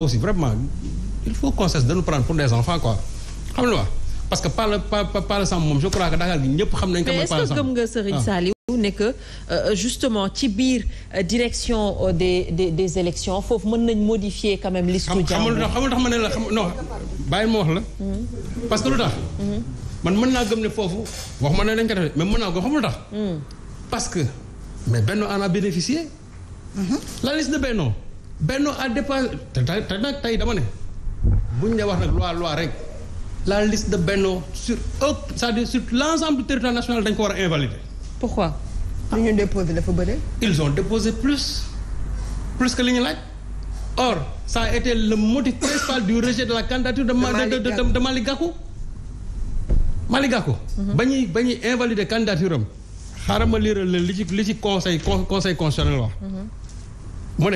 aussi vraiment il faut qu'on cesse de nous prendre pour des enfants quoi xam nga parce que par le par par le sens je crois que Dakar gi ñëpp xam nañ ko. mais est-ce que gëm nga Serigne ah. Saliou ne que euh, justement ci bir euh, direction euh, des des des élections foofu meun nañ modifier quand même liste. jàmbur xam nga tax la non bàyyi ma wax la. Hmm. parce que lu tax. Hmm. man meun na gëm né fofu wax ma ne ko def mais meun na ko xamul tax. Hmm. parce que mais Benno en a bénéficié. la liste de Benno. Benno a déposé... dama wax loi loi rek la liste de Benno sur dire sur l'ensemble du territoire national dañ ko wara invalider. pourquoi. Ah. ils ont déposé plus plus que li ñu or ça a été le motif principal du rejet de la candidature de Maligako. Maligako. de a Gakou. la mhm. invalider candidature am a ma li ci conseil conseil constitutionnel wax. Mhm. mu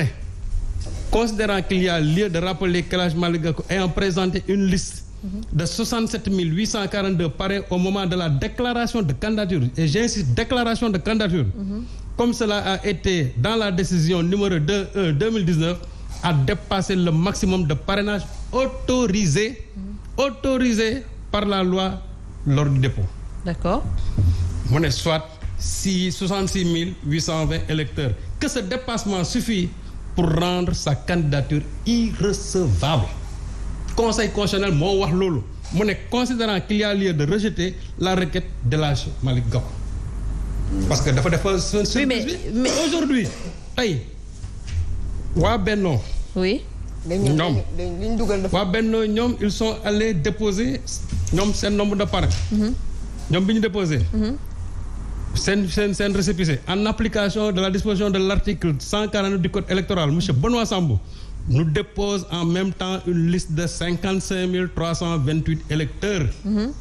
considérant qu'il y a lieu de rappeler que l'âge malgache ayant présenté une liste mhm. de 67 842 parrains au moment de la déclaration de candidature, et j'insiste, déclaration de candidature, mhm. comme cela a été dans la décision numéro 2 2019, a dépassé le maximum de parrainage autorisé, mhm. autorisé par la loi lors du dépôt. D'accord. On soit 66 820 électeurs. Que ce dépassement suffit pour rendre sa candidature irrecevable conseil constitutionnel moi wax lolo, mon considérant qu'il y a lieu de rejeter la requête de l'âge Malik parce que dafa ce, mais aujourd'hui Benno oui Benno ils sont allés déposer c'est le nombre de parrain Ils mhm. ont déposé mhm en application de la disposition de l'article 149 du code électoral M. Benoît Sambou nous dépose en même temps une liste de 55 328 électeurs. Mm-hmm.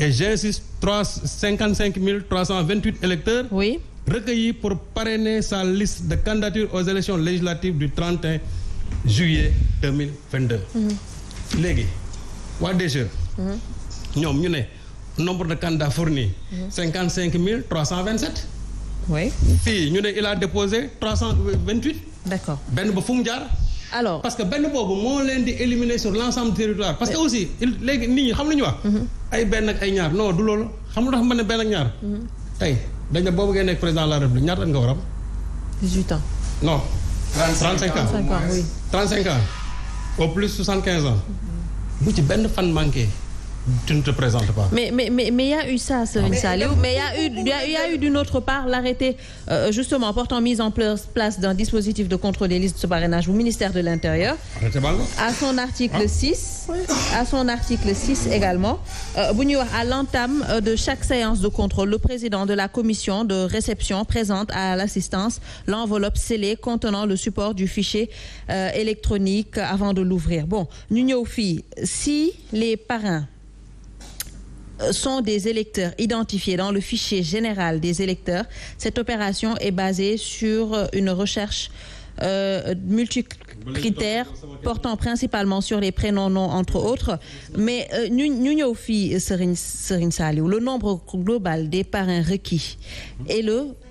Et j'insiste, 55 328 électeurs recueillis pour parrainer sa liste de candidatures aux élections législatives du 31 juillet 2022. Mm-hmm. Légué, nombre de candidats fournis 55 mhm. 327. Oui. Puis, il a déposé 328. D'accord. Ben Boufoundiar. Alors. Parce que Ben Boubou, moi, on l'a éliminé sur l'ensemble du territoire. Parce que aussi, il, les gens, ils ben ak ay non du lolu xam ben ak ñaar mhm. tay dañ na président de la république ñaar nga 18 ans non 35 ans 35 ans oui 35 ans au plus 75 ans mhm. bu Ben de fan manqué tu ne te présentes pas. Mais mais mais mais il y a eu ça, une Saliou, mais il y a eu eu d'une autre part l'arrêté euh, justement portant mise en place d'un dispositif de contrôle des listes de parrainage au ministère de l'Intérieur. À son article 6, ah. à son article 6 également, Euh, à l'entame euh, de chaque séance de contrôle, le président de la commission de réception présente à l'assistance l'enveloppe scellée contenant le support du fichier euh, électronique avant de l'ouvrir. Bon, ñu si les parrains euh, sont des électeurs identifiés dans le fichier général des électeurs. Cette opération est basée sur euh, une recherche euh, multicritères portant principalement sur les prénoms, noms, entre autres. Mais euh, nous ñëw le nombre global des parrains requis et le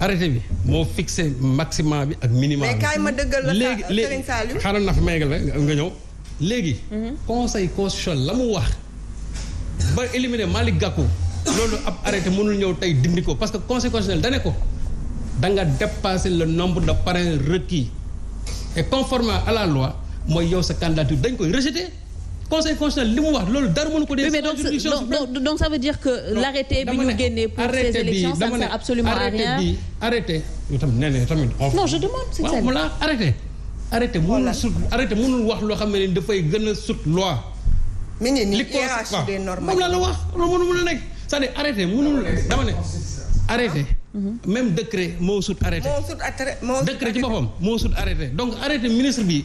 arrêté bi moo fixé maximum bi ak minimum bi. mais kaay ma dëggal la Serigne Saliou léegi xaaral na fa may la nga ñëw. léegi. Mhm. conseil constitutionnel la mu wax ba éliminer Malick Gakou loolu ab arrêté mënul ñëw tey dindi ko parce que conseil constitutionnel dane ko danga nga dépasser le nombre de parrains requis et conformément à la loi mooy yow sa candidature dañ koy rejeter. conseil constitutionnel li mu wax loolu dara mënu ko dee. donc donc ça veut dire que l'arrêté bi ñu génnee pour ces élections ça ne sert absolument à rien arrêté bi arrêté. tamit non je demande c'est sincèrement waaw arrêté. arrêté mënul sut arrêté mënul wax lo xamné ne fay gëna a sut loi. mi ngi nii hiérarchie des normes moom laa la wax loolu mënul a nekk c'est-à-dire arrêté mënul dama ne arrêté. Mhm. même décret mo sut arrêté. moo sut arrêté décret ci bopam mo sut arrêté donc arrêté ministre bi.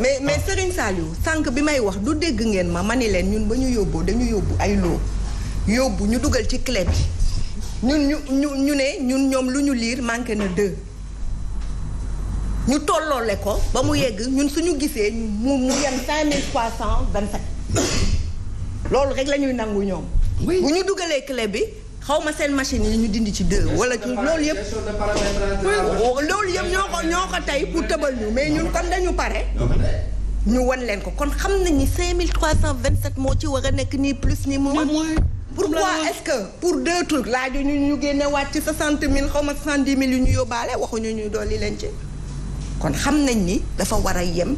mais mais Serigne yu sànq bi may wax du dégg ngeen ma ma ni leen ñun ba ñu yóbboo dañu yóbbu ay loo yóbbu ñu dugal ci clé bi ñun ñu ñu ñu ne ñun ñoom lu ñu liir manqué na dë ñu tolloole ko ba mu yegg ñun suñu gisee mu mu yem cinq mille trois cent vingt-sept loolu rek lañuy nangu ñoom. bu ñu dugalee clé bi. xaw ma seen machine yi ñu dindi ci deux wala loolu yëpp loolu yëpp ñoo ko ñoo ko tey pour tëbal ñu mais ñun comme dañu pare ñu wan leen ko kon xam nañ ñi mille cent vingt 5327 moo ci war a nekk nii plus ni moins pourquoi est-ce que pour deux laaj laaju ñu ñu génne waat ci 60 mille xaw ma 70 000 yu ñu yóbbaale waxuñu ñu dolli leen ci kon xam nañ ni dafa war a yem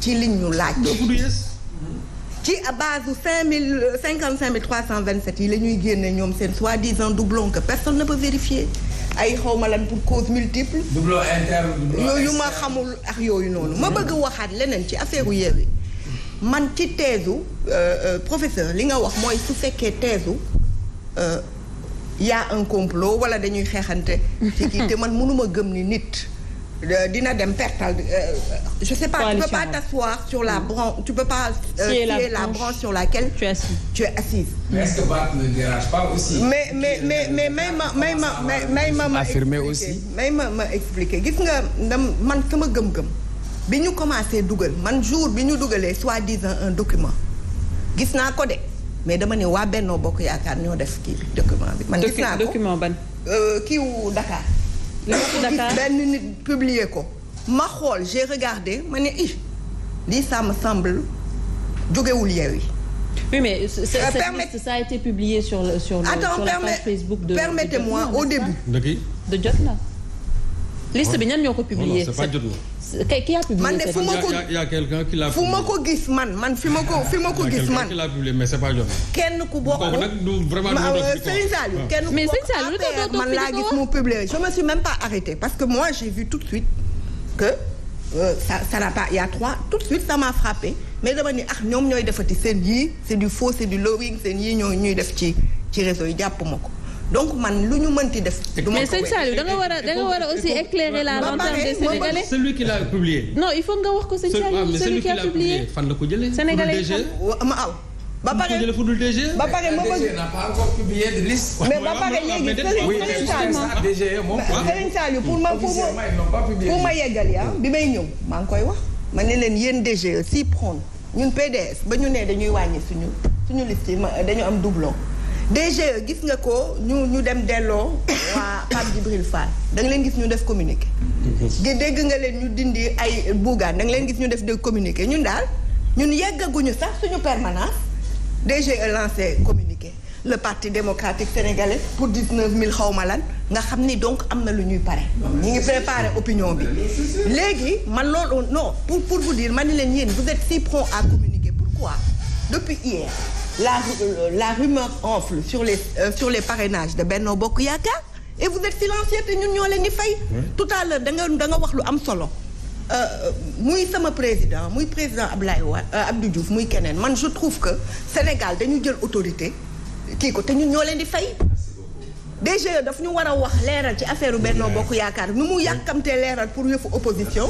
ci liñ ñu laaj ci base 55 327. yi la ñuy génne soi-disant doublon que personne ne peut vérifier ay xawma pour cause multiple. doublon interne doublon ma xamul ak yoyu noonu. ma bëgg waxat leneen ci affaire rouiller. man ci euh, euh professeur li nga wax moy su fekkee il euh, y a un complot wala dañuy xéxanté ci ki té man mënuma gëm ni nit dina ne euh, je sais pas tu peux pas t'asseoir sur la mm. branche tu peux pas euh, la branche sur laquelle tu es tu assise mais est-ce que Bat ne dérange pas aussi mais mais mais mais ma mais affirmer aussi mais ma expliquer jour mais mais soit disant un document mais mais ko de mais dama ne sais pas Bokk mais ñoo document bi man mais document ban mais euh, mais Dakar publié quoi. ma xool j'ai regardé mané i ça me semble jógewul oui mais euh, ça a été publié sur le sur le sur la page Facebook de permettez-moi au début de Jotna liste bi ñan ñoo ko publier. c'est pas Jotna. kay qui a publié. Il y a quelqu'un qui l'a publié fu ma ko man man fi ma ko fi ko man. qui l'a publié mais c'est pas Jotna. kenn ku bokk kooku du vraiment du doon euh, Serigne Saliou kenn ku bokk man la gis mon publier je me suis même pas arrêtée parce que moi j'ai vu tout de suite que euh, ça ça n'a pas il y a trois tout de suite ça m'a frappé mais dama ni ah non, non, defati seen yii c'est du faux c'est du lowing seen yii ñoo ñuy def ci ci Il y a pour ko donc man lu ñu mënti def. du mais sëñ Saliou da nga war a da nga war a aussi éclairer la lanterne des Sénégalais. celui qui l'a publié. non il faut nga wax ko sëñ Saliou ah, celui qui a publié fan la ko jëlee. Sénégalais ma aw. ba pare ba pare ma bëgg. mais ba pare léegi Serigne Saliou pour ma pour ma pour ma yeggal yaa ah, bi may ñëw maa ngi koy wax. ma ne leen yéen DGE si prendre ñun PDS ba ñu ne dañuy wàññi suñu suñu liste dañu am doublon. DGE gis nga ko ñu ñu dem delo wa Pape Djibril Fall da nga leen gis ñu def communiqué. dégg nga leen ñu dindi ay bouga da nga leen gis ñu def de communiquer ñun dal ñun yeggaguñu sax suñu permanence DGE lancé communiquer le parti démocratique sénégalais pour dix 000 mille lan nga xamni donc amna na lu ñuy pare. ngi préparé opinion bi. légui man loolu non pour pour vous dire man leen yéen vous êtes si prompt à communiquer pourquoi depuis hier. Euh, la, rumeur enfle sur les, euh, sur les parrainages de Benno Bokuyaka et vous êtes silencieux te ñun ñoo leen tout à l'heure da nga da nga wax lu am solo. Euh, muy président muy président Abdou Diouf muy Kenen. je trouve que le Sénégal a une autorité qui est nous ñun de leen DGE daf ñu war a wax leeral ci affaire Benno Bokk Yaakaar nu mu yàkkamtee leeral pour yëfu opposition.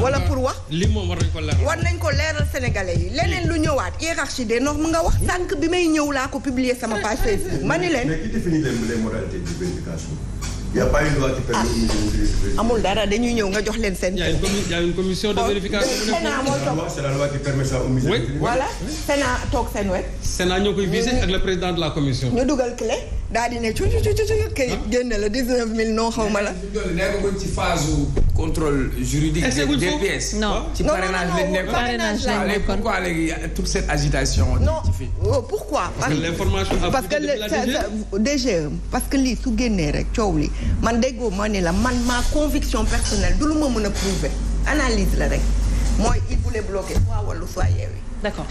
wala pour wax. li moom war nañ ko leeral. war nañ ko leeral sénégalais yi leneen lu ñëwaat hiérarchie des normes nga wax. sànq bi may ñëw laa ko publier sama page Facebook. ma ni leen mais qui définit les modalités de vérification. y' a pas une loi qui permet. Ah, amul dara dañuy ñëw nga jox leen seen. y' a une commission y' a une commission de vérification. Sénat moo toog c'est la loi qui permet ça au ministère. voilà Sénat toog seen wet. Sénat ñoo koy visé ak le président de la commission. ñu dugal clé daal di ne cu cu cu kay ah. la contrôle juridique. des ci parrainage pourquoi ah, toute cette agitation. Oh, pourquoi. parce que l'information parce parce que su rek li man ma la ma conviction personnelle du lu a prouver analyse la rek il bloquer d'accord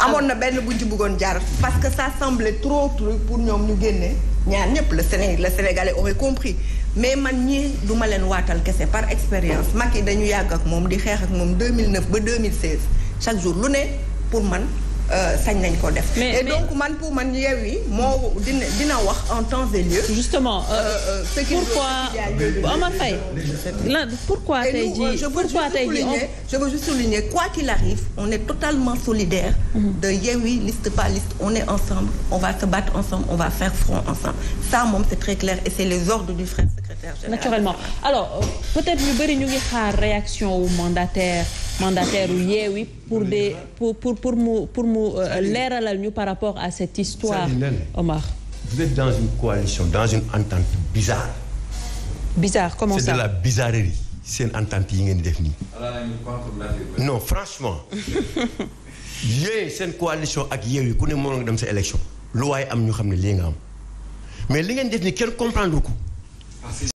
amone ben benn buñ ci bëggoon jaar parce que ça semblait trop truc pour ñom ñu génne ñaar ñëpp le Séné le Sénégalais aurait compris mais man ñi duma ma leen waatal kese par expérience Macky dañu yàgg ak mom di xeex ak mom 2009 ba 2016 chaque jour lu né pour man. Euh, sañ ko def. et donc man pour man moo dina wax en temps et lieu. justement euh, euh, pourquoi pourquoi pourquoi je veux juste souligner quoi qu'il arrive on est totalement solidaire mhm. de Yewwi liste pas liste on est ensemble on va se battre ensemble on va faire front ensemble ça c'est très clair et c'est les ordres du frère naturellement alors peut-être nous verrons ñu ngi xaar réaction au mandataire mandataire wu pour des pour pour pour nous pour à euh, la ñu par rapport à cette histoire Omar vous êtes dans une coalition dans une entente bizarre bizarre comment ça c'est de la bizarrerie c'est une entente yi ngeen non franchement c'est une coalition ak qui ku ne mënoon nga dem élection Loi waaye am ñu nous ne nga am mais li ngeen def nii kenn comprendre ah,